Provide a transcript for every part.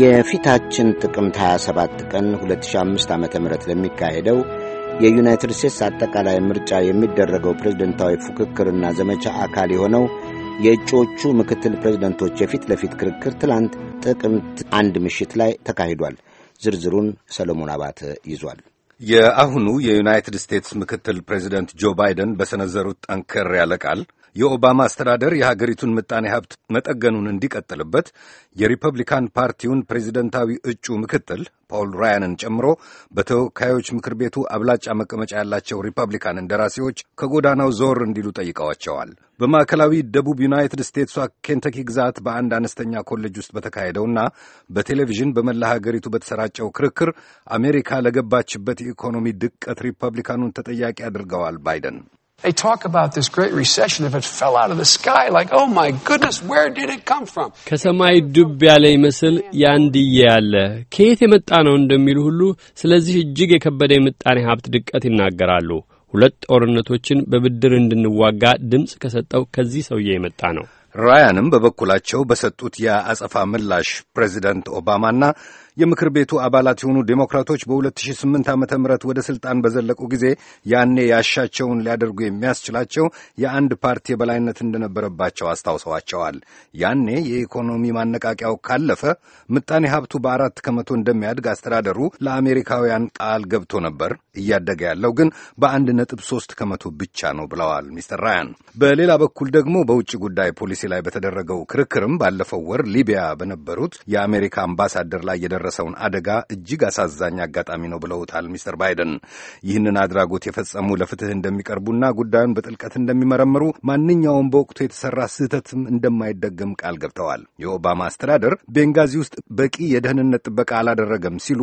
የፊታችን ጥቅምት 27 ቀን 2005 ዓ ም ለሚካሄደው የዩናይትድ ስቴትስ አጠቃላይ ምርጫ የሚደረገው ፕሬዝደንታዊ ፉክክርና ዘመቻ አካል የሆነው የእጩዎቹ ምክትል ፕሬዝደንቶች የፊት ለፊት ክርክር ትላንት ጥቅምት አንድ ምሽት ላይ ተካሂዷል። ዝርዝሩን ሰለሞን አባተ ይዟል። የአሁኑ የዩናይትድ ስቴትስ ምክትል ፕሬዚደንት ጆ ባይደን በሰነዘሩት ጠንከር ያለ ቃል የኦባማ አስተዳደር የሀገሪቱን ምጣኔ ሀብት መጠገኑን እንዲቀጥልበት የሪፐብሊካን ፓርቲውን ፕሬዚደንታዊ እጩ ምክትል ፖል ራያንን ጨምሮ በተወካዮች ምክር ቤቱ አብላጫ መቀመጫ ያላቸው ሪፐብሊካን እንደራሴዎች ከጎዳናው ዞር እንዲሉ ጠይቀዋቸዋል። በማዕከላዊ ደቡብ ዩናይትድ ስቴትሷ ኬንተኪ ግዛት በአንድ አነስተኛ ኮሌጅ ውስጥ በተካሄደውና በቴሌቪዥን በመላ ሀገሪቱ በተሰራጨው ክርክር አሜሪካ ለገባችበት የኢኮኖሚ ድቀት ሪፐብሊካኑን ተጠያቂ አድርገዋል ባይደን They talk about this great recession if it fell out of the sky like oh my goodness where did it come from ከሰማይ ዱብ ያለ ይመስል ያንድዬ ያለ ከየት የመጣ ነው እንደሚሉ ሁሉ ስለዚህ እጅግ የከበደ የምጣኔ ሀብት ድቀት ይናገራሉ። ሁለት ጦርነቶችን በብድር እንድንዋጋ ድምፅ ከሰጠው ከዚህ ሰውዬ የመጣ ነው። ራያንም በበኩላቸው በሰጡት የአጸፋ ምላሽ ፕሬዚደንት ኦባማና የምክር ቤቱ አባላት የሆኑ ዴሞክራቶች በ2008 ዓ ም ወደ ሥልጣን በዘለቁ ጊዜ ያኔ ያሻቸውን ሊያደርጉ የሚያስችላቸው የአንድ ፓርቲ የበላይነት እንደነበረባቸው አስታውሰዋቸዋል። ያኔ የኢኮኖሚ ማነቃቂያው ካለፈ ምጣኔ ሀብቱ በአራት ከመቶ እንደሚያድግ አስተዳደሩ ለአሜሪካውያን ቃል ገብቶ ነበር። እያደገ ያለው ግን በአንድ ነጥብ ሶስት ከመቶ ብቻ ነው ብለዋል ሚስተር ራያን። በሌላ በኩል ደግሞ በውጭ ጉዳይ ፖሊሲ ላይ በተደረገው ክርክርም ባለፈው ወር ሊቢያ በነበሩት የአሜሪካ አምባሳደር ላይ የደረ የደረሰውን አደጋ እጅግ አሳዛኝ አጋጣሚ ነው ብለውታል ሚስተር ባይደን። ይህንን አድራጎት የፈጸሙ ለፍትህ እንደሚቀርቡና ጉዳዩን በጥልቀት እንደሚመረምሩ ማንኛውም በወቅቱ የተሰራ ስህተትም እንደማይደገም ቃል ገብተዋል። የኦባማ አስተዳደር ቤንጋዚ ውስጥ በቂ የደህንነት ጥበቃ አላደረገም ሲሉ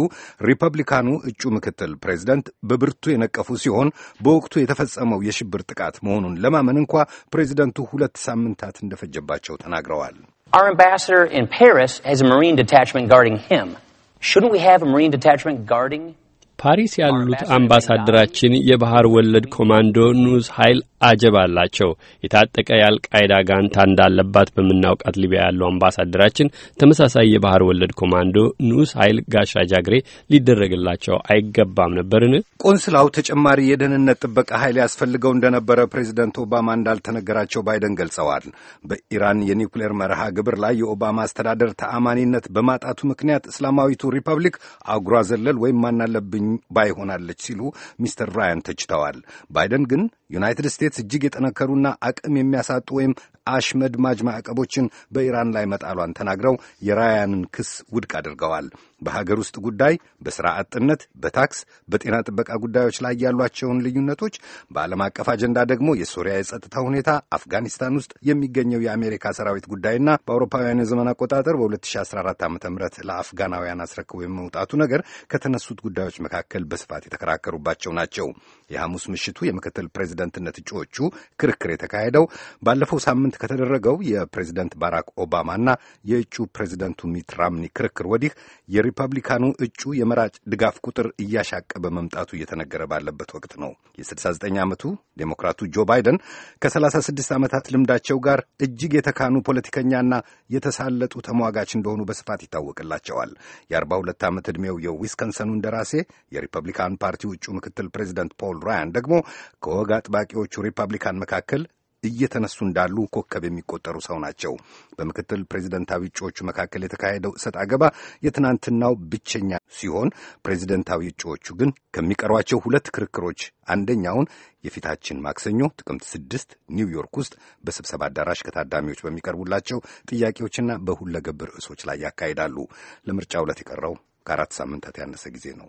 ሪፐብሊካኑ እጩ ምክትል ፕሬዚደንት በብርቱ የነቀፉ ሲሆን በወቅቱ የተፈጸመው የሽብር ጥቃት መሆኑን ለማመን እንኳ ፕሬዚደንቱ ሁለት ሳምንታት እንደፈጀባቸው ተናግረዋል። Our ambassador in Paris has a Marine detachment guarding him. ፓሪስ ያሉት አምባሳደራችን የባህር ወለድ ኮማንዶ ንዑስ ኃይል አጀብ አላቸው። የታጠቀ የአልቃይዳ ጋንታ እንዳለባት በምናውቃት ሊቢያ ያለው አምባሳደራችን ተመሳሳይ የባህር ወለድ ኮማንዶ ንዑስ ኃይል ጋሻ ጃግሬ ሊደረግላቸው አይገባም ነበርን? ቆንስላው ተጨማሪ የደህንነት ጥበቃ ኃይል ያስፈልገው እንደነበረ ፕሬዚደንት ኦባማ እንዳልተነገራቸው ባይደን ገልጸዋል። በኢራን የኒውክሌር መርሃ ግብር ላይ የኦባማ አስተዳደር ተአማኒነት በማጣቱ ምክንያት እስላማዊቱ ሪፐብሊክ አጉራ ዘለል ወይም ማናለብኝ ባይሆናለች ሲሉ ሚስተር ራያን ተችተዋል። ባይደን ግን ዩናይትድ ስቴትስ ሂደት እጅግ የጠነከሩና አቅም የሚያሳጡ ወይም አሽመድማጅ ማዕቀቦችን በኢራን ላይ መጣሏን ተናግረው የራያንን ክስ ውድቅ አድርገዋል። በሀገር ውስጥ ጉዳይ፣ በሥራ አጥነት፣ በታክስ፣ በጤና ጥበቃ ጉዳዮች ላይ ያሏቸውን ልዩነቶች፣ በዓለም አቀፍ አጀንዳ ደግሞ የሶሪያ የጸጥታ ሁኔታ፣ አፍጋኒስታን ውስጥ የሚገኘው የአሜሪካ ሰራዊት ጉዳይና በአውሮፓውያን የዘመን አቆጣጠር በ2014 ዓ ም ለአፍጋናውያን አስረክቦ የመውጣቱ ነገር ከተነሱት ጉዳዮች መካከል በስፋት የተከራከሩባቸው ናቸው። የሐሙስ ምሽቱ የምክትል ፕሬዚደንትነት እጩ እጩዎቹ ክርክር የተካሄደው ባለፈው ሳምንት ከተደረገው የፕሬዚደንት ባራክ ኦባማና የእጩ ፕሬዚደንቱ ሚት ራምኒ ክርክር ወዲህ የሪፐብሊካኑ እጩ የመራጭ ድጋፍ ቁጥር እያሻቀ በመምጣቱ እየተነገረ ባለበት ወቅት ነው። የ69 ዓመቱ ዴሞክራቱ ጆ ባይደን ከ36 ዓመታት ልምዳቸው ጋር እጅግ የተካኑ ፖለቲከኛና የተሳለጡ ተሟጋች እንደሆኑ በስፋት ይታወቅላቸዋል። የ42 ዓመት ዕድሜው የዊስከንሰኑ እንደራሴ የሪፐብሊካን ፓርቲ እጩ ምክትል ፕሬዚደንት ፖል ራያን ደግሞ ከወግ አጥባቂዎቹ ሪፐብሊካን መካከል እየተነሱ እንዳሉ ኮከብ የሚቆጠሩ ሰው ናቸው። በምክትል ፕሬዚደንታዊ እጩዎቹ መካከል የተካሄደው እሰጥ አገባ የትናንትናው ብቸኛ ሲሆን ፕሬዚደንታዊ እጩዎቹ ግን ከሚቀሯቸው ሁለት ክርክሮች አንደኛውን የፊታችን ማክሰኞ ጥቅምት ስድስት ኒውዮርክ ውስጥ በስብሰባ አዳራሽ ከታዳሚዎች በሚቀርቡላቸው ጥያቄዎችና በሁለገብ ርዕሶች ላይ ያካሂዳሉ። ለምርጫ ዕለት የቀረው ከአራት ሳምንታት ያነሰ ጊዜ ነው።